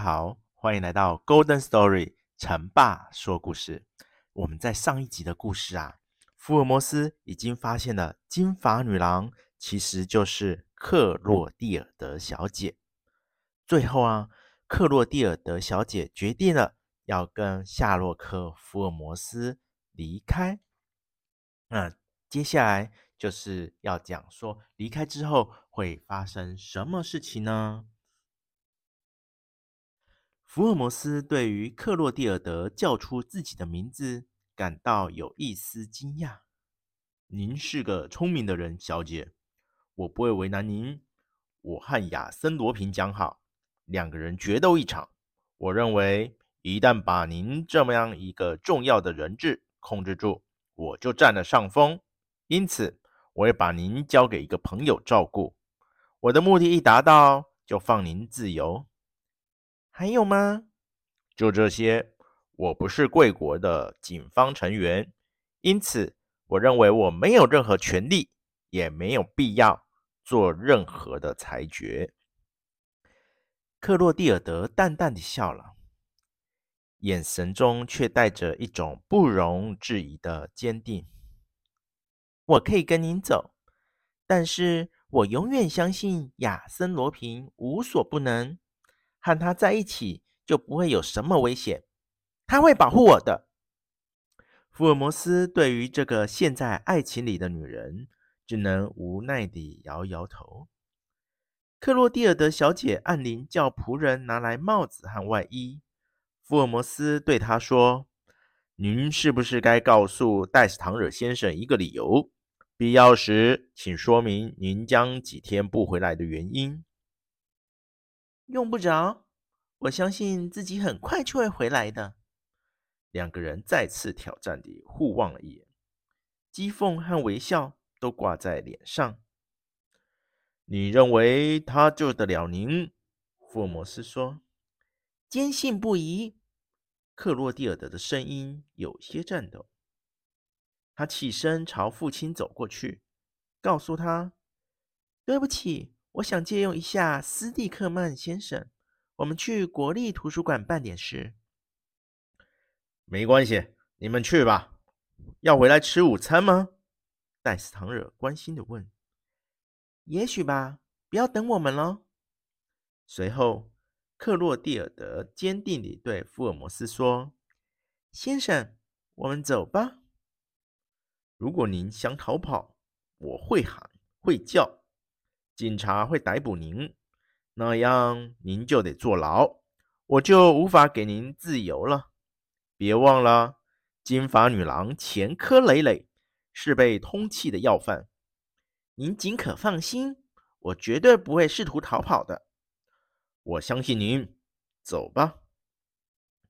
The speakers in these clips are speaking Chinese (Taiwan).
好，歡迎來到 Golden Story, 成霸說故事。我們在上一集的故事啊，福爾摩斯已經發現了金髮女郎，其實就是克洛蒂爾德小姐。最後啊，克洛蒂爾德小姐決定了要跟夏洛克·福爾摩斯離開。那接下來就是要講說離開之後會發生什麼事情呢？福爾摩斯對於克洛蒂爾德叫出自己的名字感到有一絲驚訝。“您是個聰明的人，小姐，我不會為難您。我和亞森·羅平講好，兩個人決鬥一場。我認為，一旦把您這麼樣一個重要的人質控制住，我就占了上風。因此，我也把您交給一個朋友照顧。我的目的，一達到，就放您自由。”還有嗎？就這些。我不是貴國的警方成員，因此我認為我沒有任何權利，也沒有必要做任何的裁決。克洛蒂爾德淡淡地笑了，眼神中卻帶着一種不容置疑的堅定。我可以跟您走，但是我永遠相信亞森·羅蘋無所不能。和他在一起就不會有什麼危險，他會保護我的。嗯、福爾摩斯對於這個陷在愛情裡的女人，只能無奈地搖搖頭。克洛蒂爾德小姐按鈴叫僕人拿來帽子和外衣。福爾摩斯對她說：“您是不是該告訴戴斯唐惹先生一個理由？必要時，請說明您將幾天不回來的原因。”用不着，我相信自己很快就會回來的。兩個人再次挑戰地互望了一眼，譏諷和微笑都掛在臉上。你認為他救得了您？福爾摩斯說。堅信不疑。克洛蒂爾德的聲音有些顫抖。他起身朝父親走過去，告訴他：“對不起。”我想借用一下斯蒂克曼先生。我們去國立圖書館辦點事。沒關係，你們去吧。要回來吃午餐嗎？戴斯唐惹關心的問。也許吧。不要等我們了。隨後，克洛蒂爾德堅定地對福爾摩斯說：“先生，我們走吧。如果您想逃跑，我會喊，會叫。”警察會逮捕您，那樣您就得坐牢，我就無法給您自由了。別忘了，金髮女郎前科累累，是被通緝的要犯。您儘可放心，我絕對不會試圖逃跑的。我相信您。走吧。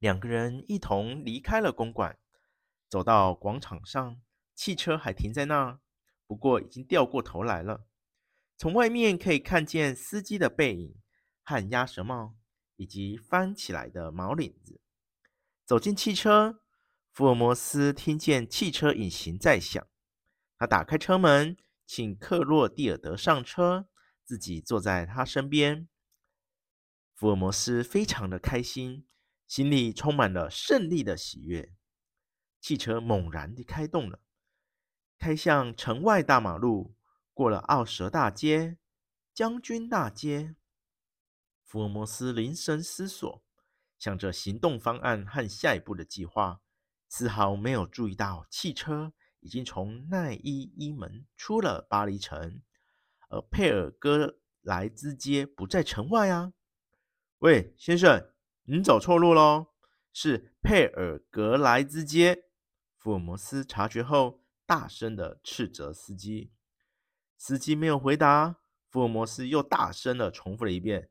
兩個人一同離開了公館，走到廣場上，汽車還停在那兒，不過已經掉過頭來了。從外面可以看見司機的背影和鴨舌帽，以及翻起來的毛領子。走進汽車，福爾摩斯聽見汽車引擎在響。他打開車門，請克洛蒂爾德上車，自己坐在他身邊。福爾摩斯非常的開心，心裡充滿了勝利的喜悅。汽車猛然的開動了，開向城外大馬路。過了奧什大街、將軍大街，福爾摩斯凝神思索，想着行動方案和下一步的計劃，絲毫沒有注意到汽車已經從奈伊伊門出了巴黎城。而佩爾格萊茲街不在城外啊！喂，先生，你走錯路嘍！是佩爾格萊茲街！福爾摩斯察覺後，大聲的斥責司機。司機沒有回答，福爾摩斯又大聲的重複了一遍：“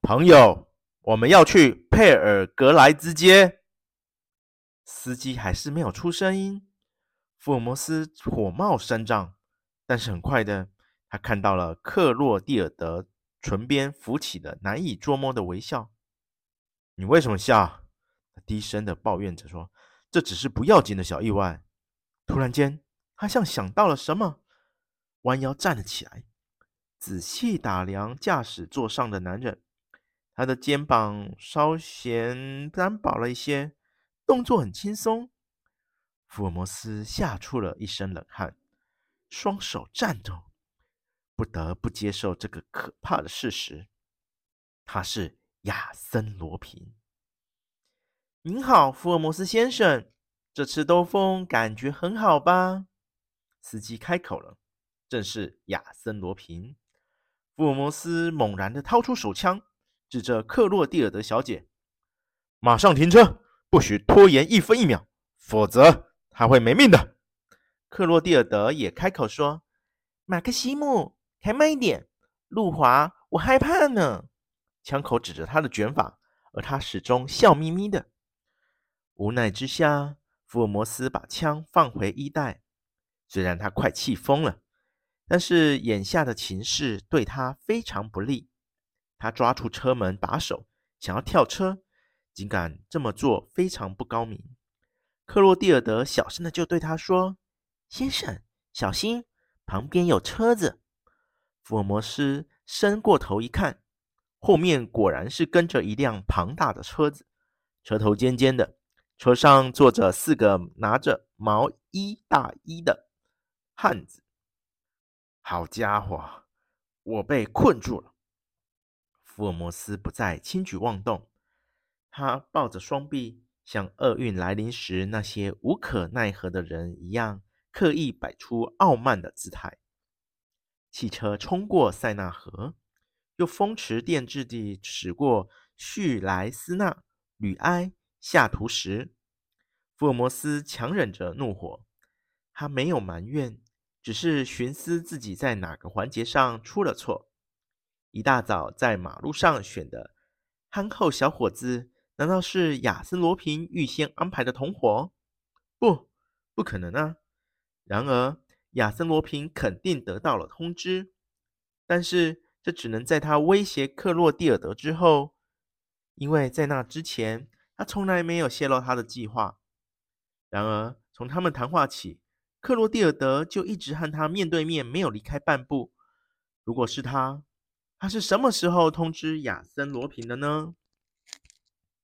朋友，我們要去佩爾格萊茲街。”司機還是沒有出聲音，福爾摩斯火冒三丈，但是很快的，他看到了克洛蒂爾德唇邊浮起的難以捉摸的微笑。“你為什麼笑？”他低聲的抱怨着說：“這只是不要緊的小意外。”突然間，他像想到了什麼。彎腰站了起來，仔細打量駕駛座上的男人。他的肩膀稍顯單薄了一些，動作很輕鬆。福爾摩斯嚇出了一身冷汗，雙手顫抖，不得不接受這個可怕的事實。他是亞森·羅平。您好，福爾摩斯先生，這次兜風感覺很好吧？司機開口了。正是亞森·羅平，福爾摩斯猛然的掏出手槍，指着克洛蒂爾德小姐：“馬上停車，不許拖延一分一秒，否則他會沒命的。”克洛蒂爾德也開口說：“馬克西姆，開慢一點，路滑，我害怕呢。”槍口指着他的捲髮，而他始終笑眯眯的。無奈之下，福爾摩斯把槍放回衣袋，雖然他快氣瘋了。但是眼下的情勢對他非常不利，他抓住車門把手想要跳車，竟敢這麼做非常不高明。克洛蒂爾德小聲的就對他說：“先生，小心，旁邊有車子。”福爾摩斯伸過頭一看，後面果然是跟着一輛龐大的車子，車頭尖尖的，車上坐着四個拿着毛衣大衣的漢子。好家伙，我被困住了！福爾摩斯不再輕舉妄動，他抱着雙臂，像厄運來臨時那些無可奈何的人一樣，刻意擺出傲慢的姿態。汽車衝過塞納河，又風馳電掣地駛過敘萊斯納、呂埃、下圖什。福爾摩斯強忍着怒火，他沒有埋怨。只是尋思自己在哪個環節上出了錯。一大早在馬路上選的憨厚小伙子，難道是亞森羅蘋預先安排的同夥？不，不可能啊！然而亞森羅蘋肯定得到了通知，但是這只能在他威脅克洛蒂爾德之後，因為在那之前他從來沒有泄露他的計劃。然而從他們談話起。克洛蒂爾德就一直和他面對面，沒有離開半步。如果是他，他是什麼時候通知亞森·羅平的呢？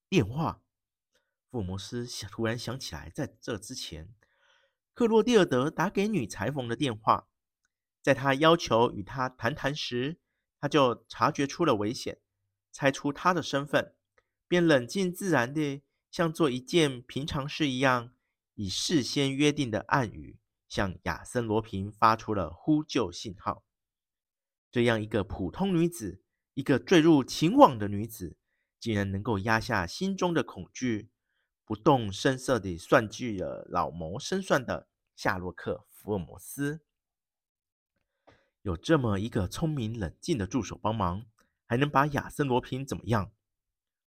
電話。福爾摩斯突然想起來，在這之前，克洛蒂爾德打給女裁縫的電話，在他要求與他談談時，他就察覺出了危險，猜出他的身份，便冷靜自然地像做一件平常事一樣，以事先約定的暗語，向亞森·羅平發出了呼救信號。這樣一個普通女子，一個墜入情網的女子，竟然能夠壓下心中的恐懼，不動聲色地算計了老謀深算的夏洛克·福爾摩斯。有這麼一個聰明冷靜的助手幫忙，還能把亞森·羅平怎麼樣？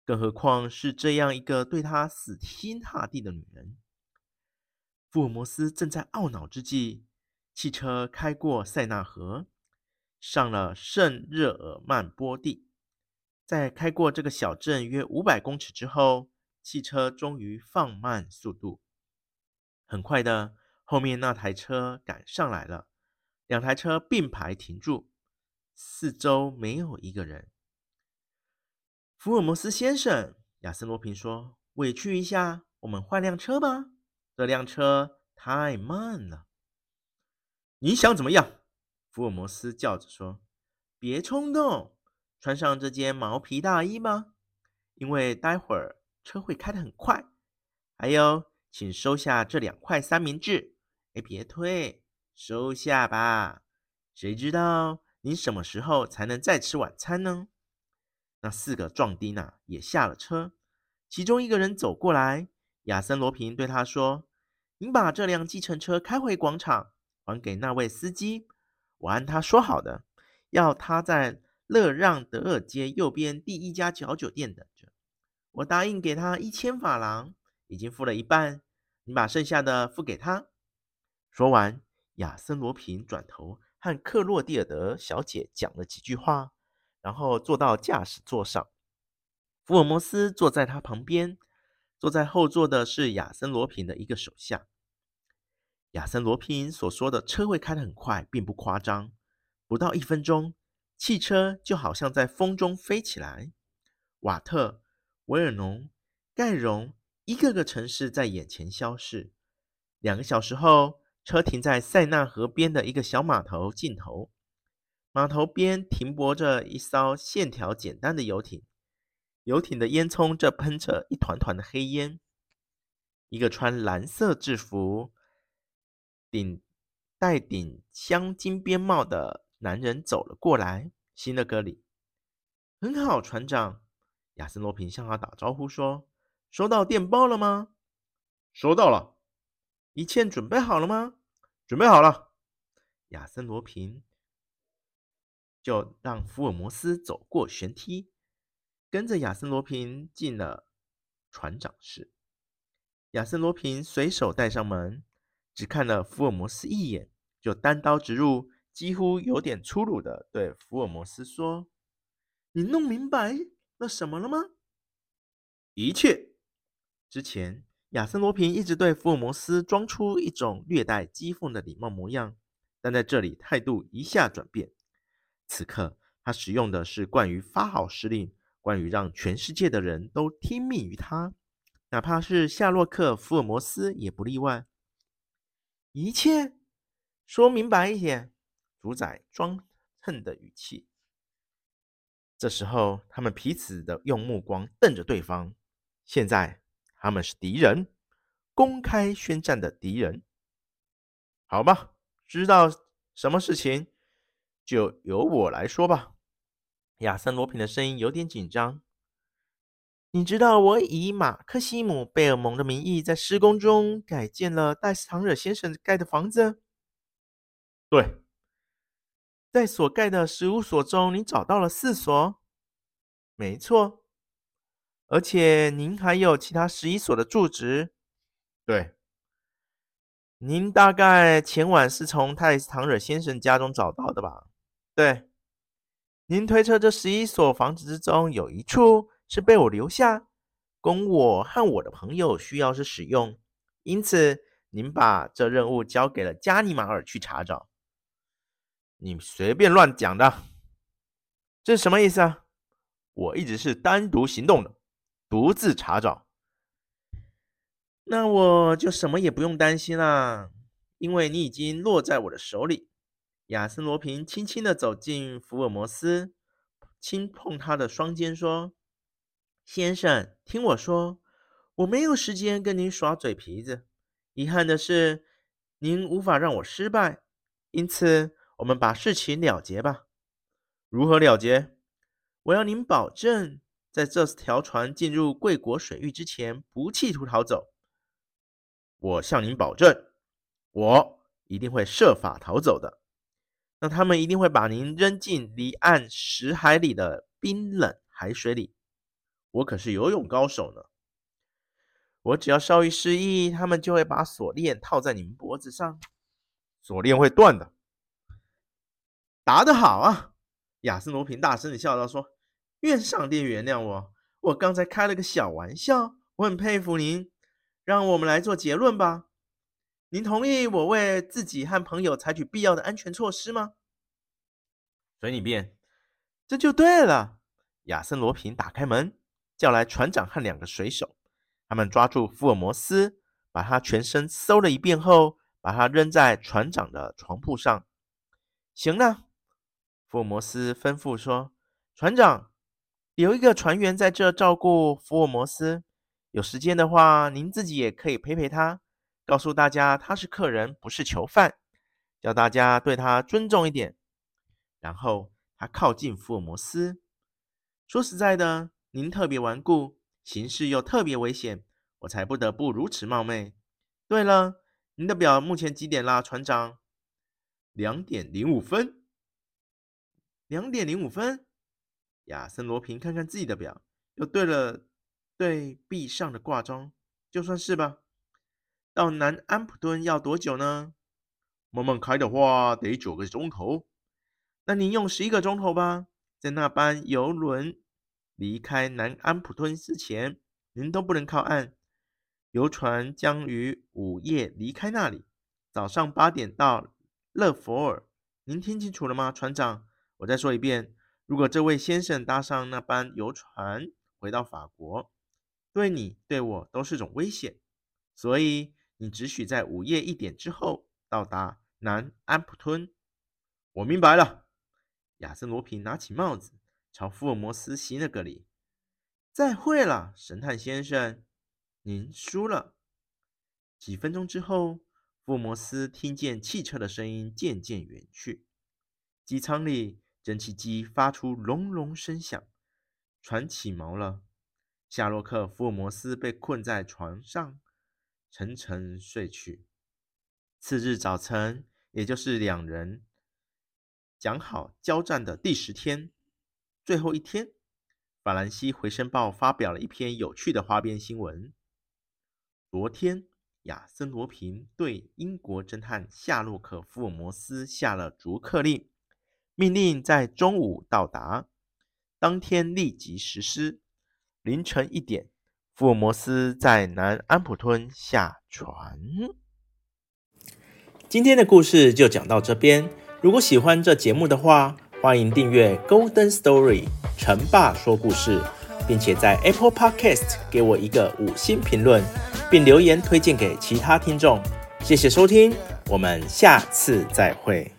更何況是這樣一個對他死心塌地的女人。福爾摩斯正在懊惱之際，汽車開過塞納河，上了聖日耳曼波地。在開過這個小鎮約五百公尺之後，汽車終於放慢速度。很快的，後面那台車趕上來了，兩台車並排停住，四周沒有一個人。福爾摩斯先生，亞森羅蘋說：“委屈一下，我們換輛車吧。”這輛車太慢了，你想怎麼樣？福爾摩斯叫着說：“別衝動，穿上這件毛皮大衣吧。因為待會兒車會開得很快。還有，請收下這兩塊三明治。哎，別推，收下吧。誰知道你什麼時候才能再吃晚餐呢？”那四個壯丁呢也下了車，其中一個人走過來，亞森·羅平對他說。您把這輛計程車開回廣場，還給那位司機。我按他說好的，要他在勒讓德爾街右邊第一家小酒店等着。我答應給他一千法郎，已經付了一半，你把剩下的付給他。說完，亞森·羅平轉頭和克洛蒂爾德小姐講了幾句話，然後坐到駕駛座上。福爾摩斯坐在他旁邊，坐在後座的是亞森·羅平的一個手下。亞森羅蘋所說的車會開得很快，並不誇張。不到一分鐘，汽車就好像在風中飛起來。瓦特、維爾農、蓋榮，一個個城市在眼前消失。兩個小時後，車停在塞納河邊的一個小碼頭盡頭。碼頭邊停泊着一艘線條簡單的遊艇，遊艇的煙囪正噴着一團團的黑煙。一個穿藍色制服頂戴頂鑲金邊帽的男人走了過來，行了個禮。很好，船長。亞森羅平向他打招呼說：“收到電報了嗎？”“收到了。”“一切準備好了嗎？”“準備好了。”亞森羅平就讓福爾摩斯走過舷梯，跟着亞森羅平進了船長室。亞森羅平隨手帶上門。只看了福爾摩斯一眼，就單刀直入，幾乎有點粗魯地對福爾摩斯說：“你弄明白那什麼了嗎？”一切之前，亞森羅蘋一直對福爾摩斯裝出一種略帶譏諷的禮貌模樣，但在這裡態度一下轉變。此刻，他使用的是慣於發號施令，關於讓全世界的人都聽命於他，哪怕是夏洛克·福爾摩斯也不例外。一切，說明白一點。主宰裝恨的語氣。這時候，他們彼此的用目光瞪着對方。現在，他們是敵人，公開宣戰的敵人。好吧，知道什麼事情，就由我來說吧。亞森羅蘋的聲音有點緊張。你知道我以馬克西姆·貝爾蒙的名義在施工中改建了戴斯唐惹先生蓋的房子？對。在所蓋的十五所中，您找到了四所？沒錯。而且您還有其他十一所的住址？對。您大概前晚是從戴斯唐惹先生家中找到的吧？對，您推測這十一所房子之中有一處。 是被我留下，供我和我的朋友需要時使用。因此，您把這任務交給了加尼瑪爾去查找。你隨便亂講的，這是什麼意思啊？我一直是單獨行動的，獨自查找。那我就什麼也不用擔心啦啊，因為你已經落在我的手裡。亞森羅蘋輕輕地走進福爾摩斯，輕碰他的雙肩，說。先生，聽我說，我沒有時間跟您耍嘴皮子。遺憾的是，您無法讓我失敗，因此我們把事情了結吧。如何了結？我要您保證，在這條船進入貴國水域之前，不企圖逃走。我向您保證，我一定會設法逃走的。那他們一定會把您扔進離岸十海里的冰冷海水裡。我可是游泳高手呢！我只要稍一失意，他們就會把鎖鏈套在你們脖子上，鎖鏈會斷的。答得好啊！亞森羅蘋大聲地笑道：“說，願上帝原諒我，我剛才開了個小玩笑。我很佩服您，讓我們來做結論吧。您同意我為自己和朋友採取必要的安全措施嗎？隨你便，這就對了。”亞森羅蘋打開門，叫來船長和兩個水手，他們抓住福爾摩斯，把他全身搜了一遍後，把他扔在船長的床鋪上。行了，福爾摩斯吩咐說：“船長，留一個船員在這照顧福爾摩斯。有時間的話，您自己也可以陪陪他。告訴大家他是客人，不是囚犯，叫大家對他尊重一點。”然後他靠近福爾摩斯，說實在的，您特別頑固，形勢又特別危險，我才不得不如此冒昧。對了，您的表目前幾點啦，船長？兩點零五分。兩點零五分？亞森羅平看看自己的表，又對了，對壁上的掛鐘，就算是吧。到南安普敦要多久呢？慢慢開的話，得九個鐘頭。那您用十一個鐘頭吧，在那班郵輪。離開南安普敦之前，您都不能靠岸。遊船將於午夜離開那裡，早上八點到勒佛爾。您聽清楚了嗎，船長？我再說一遍，如果這位先生搭上那班遊船回到法國，對你對我都是種危險。所以，你只許在午夜一點之後到達南安普敦。我明白了。亞森羅蘋拿起帽子。朝福爾摩斯行了個禮，再會了，神探先生，您輸了。幾分鐘之後，福爾摩斯聽見汽車的聲音漸漸遠去，機艙裡蒸汽機發出隆隆聲響，船起錨了。夏洛克·福爾摩斯被困在床上，沉沉睡去。次日早晨，也就是兩人講好交戰的第十天。最後一天，《法蘭西回聲報》發表了一篇有趣的花邊新聞。昨天，亞森·羅蘋對英國偵探夏洛克·福爾摩斯下了逐客令，命令在中午到達，當天立即實施。凌晨一點，福爾摩斯在南安普敦下船。今天的故事就講到這邊。如果喜歡這節目的話，歡迎訂閱 Golden Story 陳爸說故事，並且在 Apple Podcast 給我一個五星評論，並留言推薦給其他聽眾。謝謝收聽，我們下次再會。